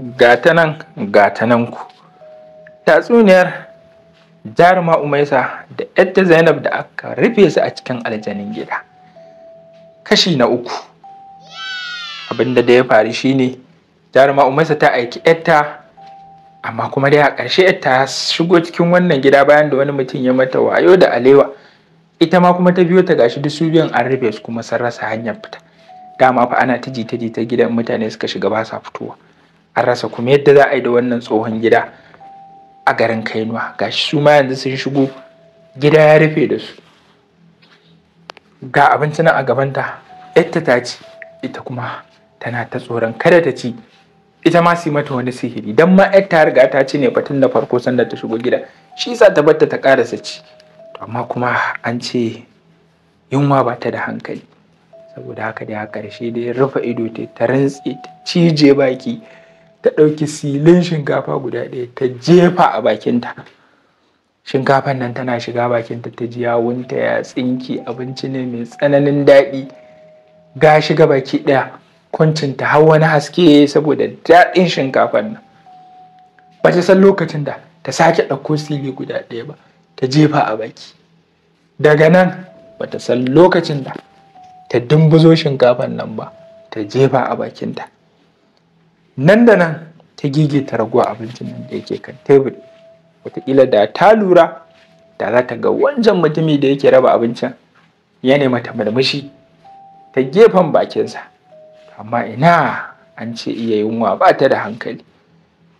gata nan gata nan ku tatsuniyar jaruma umaisa da yadda zainab da aka rufe su a cikin aljanin gida kashi na uku abinda da ya faru shine jaruma umaisa ta aiki yadda amma kuma dai a ƙarshe ta shigo cikin wannan gida bayan da wani mutum ya mata wayo da alewa ita ma kuma ta biyo ta gashi duk su biyan an rufe su kuma sun rasa hanyar fita dama fa ana ta jita jita gidan mutane suka shiga ba sa fitowa an rasa kuma yadda za a yi da wannan tsohon gida a garin kainuwa gashi su ma yanzu sun shigo gida ya rufe da su ga abinci nan a gabanta yadda ta ci ita kuma tana ta tsoron kada ta ci ita ma su mata wani sihiri don ma yar ta riga ta ci ne batun da farko sanda ta shigo gida shi sa ta batta ta karasa ci amma kuma an ce yunwa ba ta da hankali saboda haka da ya karshe da ya rufe ido ta rantse ta cije baki ta ɗauki silin shinkafa guda ɗaya ta jefa a bakinta shinkafan nan tana shiga bakinta ta ji yawunta ya tsinki abinci ne mai tsananin daɗi ga shiga baki ɗaya ta hau wani haske saboda daɗin shinkafan nan ba ta san lokacin da ta sake ɗauko sili guda ɗaya ba ta jefa a baki daga nan ba ta san lokacin da ta dumbuzo shinkafan nan ba ta jefa a bakinta nan da nan ta gige ta raguwa abincin nan da yake kan tebur wataƙila da ta lura da za ta ga wancan mutumi da yake raba abincin ya nema ta murmushi ta gefen bakinsa amma ina an ce iya yunwa ba ta da hankali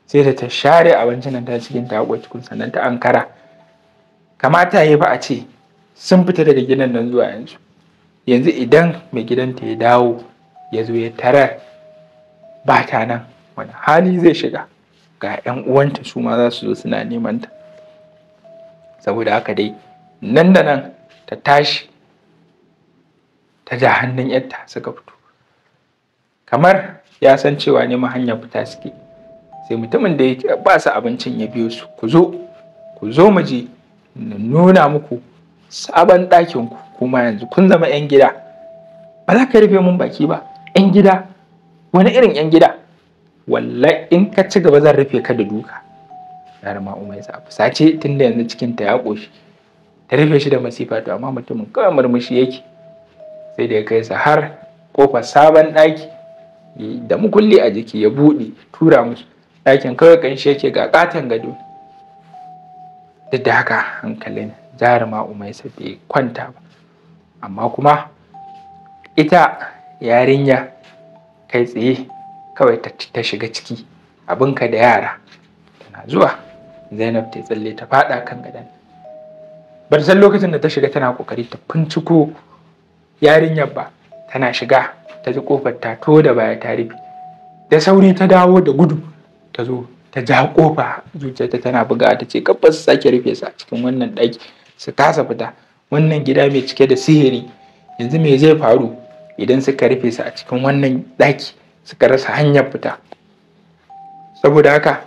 sai da ta share abincin nan ta cikin ta cikin sannan ta ankara kamata ya ba a ce sun fita daga gidan nan zuwa yanzu yanzu idan mai gidan ta ya dawo ya zo ya tarar Bata nan wani hali zai shiga ga 'yan uwanta su ma za su zo suna neman ta saboda haka dai nan da nan ta tashi ta ja hannun yadda suka fito kamar ya san cewa ne hanyar fita suke sai mutumin da ya ba su abincin ya biyo su ku zo ku zo mu je na nuna muku sabon ɗakin ku kuma yanzu kun zama 'yan gida ba za ka rufe mun baki ba 'yan gida wani irin yan gida wallai in ka ci gaba zan rufe ka da duka yar ma umai sa fusace tunda yanzu cikin ta ya koshi ta rufe shi da masifa to amma mutumin kawai murmushi yake sai da ya kai sa har kofar sabon ɗaki da mukulli a jiki ya buɗe tura musu ɗakin kawai kanshi yake ga ƙaton gado duk da haka hankalin jaruma umaisa bai kwanta ba amma kuma ita yarinya kai tsaye kawai ta shiga ciki abinka da yara tana zuwa zainab ta tsalle ta faɗa kan gadan. bar san lokacin da ta shiga tana kokari ta finciko yarinyar ba tana shiga ta ji kofar ta to da baya ta rufe da sauri ta dawo da gudu ta zo ta ja kofa zuciyarta tana buga ta ce kabbas sake rufe su a cikin wannan daki su kasa fita wannan gida mai cike da sihiri yanzu me zai faru idan suka rufe su a cikin wannan ɗaki suka rasa hanyar fita saboda haka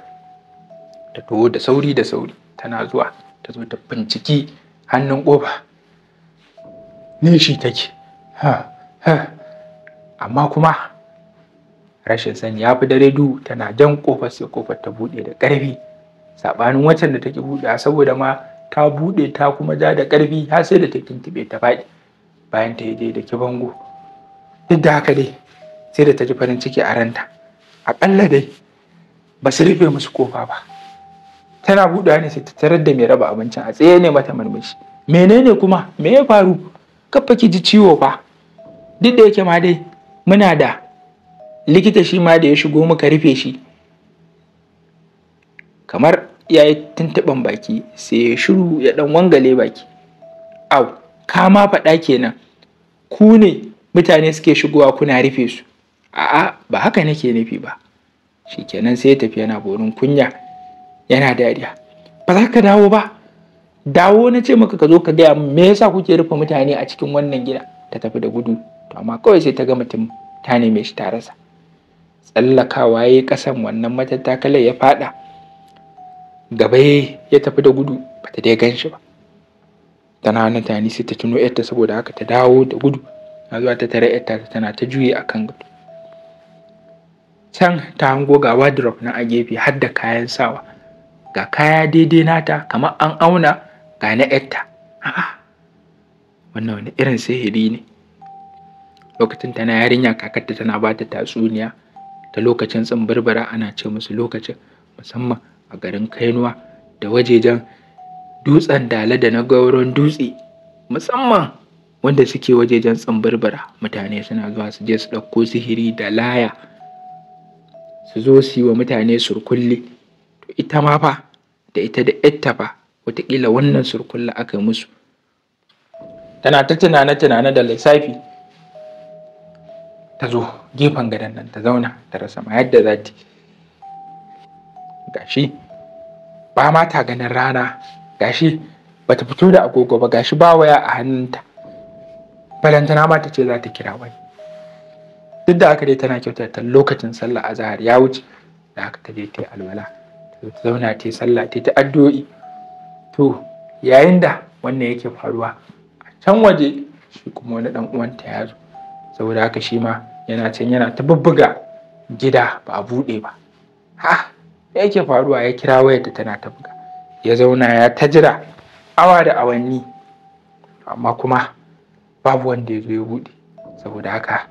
ta taho da sauri da sauri tana zuwa ta zo ta binciki hannun ƙofa nishi take amma kuma rashin sani ya fi dare du tana jan ƙofar sai ƙofar ta buɗe da ƙarfi saɓanin watan da take buɗe saboda ma ta buɗe ta kuma ja da ƙarfi har sai da ta kintiɓe ta faɗi bayan ta je da ki bango duk da haka dai sai da ta ji farin ciki a ranta aƙalla dai ba su rufe musu kofa ba tana buɗewa ne sai ta tarar da mai raba abincin a tsaye ne mata murmushi menene kuma me ya faru kafa ki ji ciwo fa duk da yake ma dai muna da likita shi ma da ya shigo muka rufe shi kamar ya yi tuntuɓan baki sai ya shiru ya ɗan wangale baki au ka ma faɗa kenan ku ne mutane suke shigowa kuna rufe su a'a ba haka nake nufi ba shikenan sai ya tafi yana borin kunya yana dariya ba za ka dawo ba dawo na ce maka ka zo ka gaya min me yasa kuke rufe mutane a cikin wannan gida ta tafi da gudu to amma kawai sai ta ga mutum ta neme shi ta rasa tsallakawa ya yi kasan wannan matattakalar ya faɗa gaba ya tafi da gudu ba ta dai gan shi ba tana nan tani sai ta tuno yarta saboda haka ta dawo da gudu na zuwa ta tare yarta tana ta juye a kan gado can ta hango ga wardrobe na a gefe har da kayan sawa ga kaya daidai nata kamar an auna ga na yarta wannan wani irin sihiri ne lokacin tana yarinya kakarta tana bata tatsuniya ta lokacin tsimbarbara, ana ce musu lokacin musamman a garin kainuwa da wajejen dutsen dala da na gauron dutse musamman wanda suke wajejen tsambarbara mutane suna zuwa su je su ɗauko sihiri da laya su zo su yi wa mutane surkulli ita ma fa da ita da yatta fa wataƙila wannan surkulla aka yi musu tana ta tunane-tunane da lissafi ta zo gefen gadon nan ta zauna ta rasa ma yadda za ta gashi ba ma ta ganin rana gashi bata fito da agogo ba gashi ba waya a hannunta balantana ta ce za ta kira wani duk da aka dai tana kyautata lokacin sallah azhar ya wuce da aka ta je ta yi alwala ta zauna ta yi sallah ta yi ta addu'o'i to yayin da wannan yake faruwa a can waje shi kuma wani dan uwanta ya zo saboda haka shi ma yana can yana ta bubbuga gida ba a buɗe ba ha yake faruwa ya kira da tana ta buga ya zauna ya ta jira awa da awanni amma kuma babu wanda ya zo ya buɗe saboda haka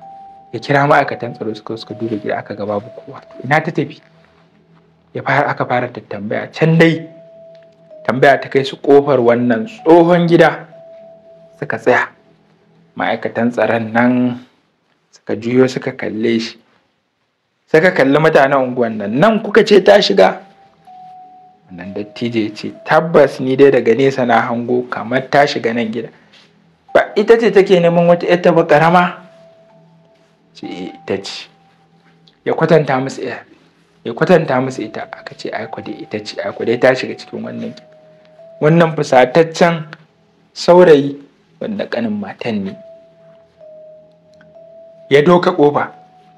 ya kira ma'aikatan tsaro suka suka duba gida aka ga babu kowa ina ta tafi ya fara aka fara ta tambaya can dai tambaya ta kai su kofar wannan tsohon gida suka tsaya ma'aikatan tsaron nan suka juyo suka kalle shi suka kalli mutanen unguwan nan nan kuka ce ta shiga wannan dattijo ya ce tabbas ni dai daga nesa na hango kamar ta shiga nan gida ba ita ce take neman wata ita ba karama ce ita ce ya kwatanta musu ita ya kwatanta musu ita aka ce ai kwade ita ce ai kwade ta shiga cikin wannan wannan fusataccen saurayi wanda kanin matan ne ya doka ƙofa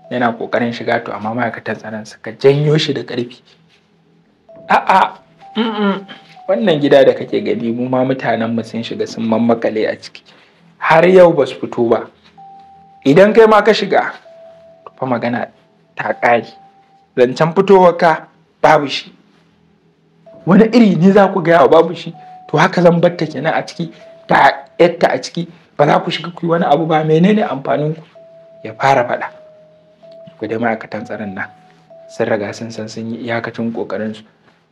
yana ƙoƙarin shiga to amma ma'aikatan tsaron suka janyo shi da ƙarfi a'a wannan gida da kake gani mu ma mutanen mu sun shiga sun mamakale a ciki har yau ba su fito ba idan kai ma ka shiga fa magana ta ƙari zancen ka babu shi wani iri ne za ku gaya babu shi to haka zan batta kenan a ciki ta yatta a ciki ba za ku shiga ku yi wani abu ba menene amfanin ku ya fara faɗa ku da ma'aikatan tsaron nan sun raga sun san sun yi iyakacin kokarin su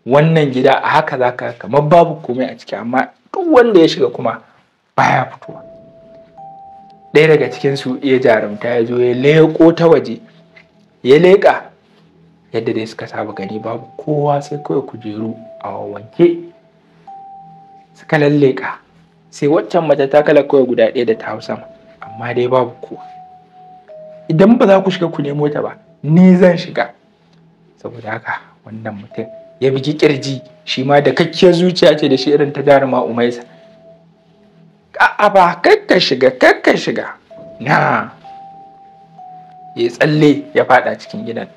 wannan gida a haka za ka? kamar babu komai a ciki amma duk wanda ya shiga kuma baya fitowa ɗaya daga cikinsu ya jarumta ya zo ya leƙo ta waje ya leƙa yadda dai suka saba gani babu kowa sai kawai kujeru a wanke suka lalleƙa sai waccan mace ta kala kawai guda ɗaya da ta hau sama amma dai babu kowa idan ba za ku shiga ku nemo ta ba ni zan shiga saboda haka wannan mutum ya bigi kirji shi ma da kakkiyar zuciya ce da shi irin ta jaruma umaisa a'a ba kakka shiga kakka shiga na ya tsalle ya fada cikin gidan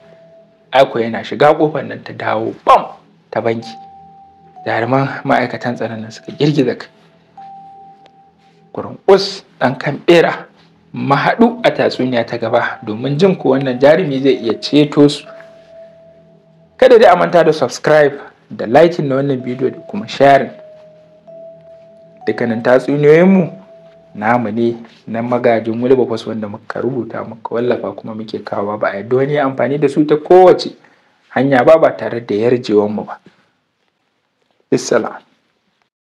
aiko yana shiga kofar nan ta dawo bam ta banki jaruman ma'aikatan tsaron nan suka girgiza ka. kurunkus ɗan kan bera mahaɗu a tatsuniya ta gaba domin jin ku wannan jarumi zai iya ceto su kada dai a manta da subscribe da liking na wannan bidiyo da kuma sharing dukkanin tatsuniyoyinmu namu ne na magajin wilberforce wanda muka rubuta muka wallafa kuma muke kawo ba a yadda wani amfani da su ta kowace hanya ba ba tare da yarjewanmu ba. Issalam.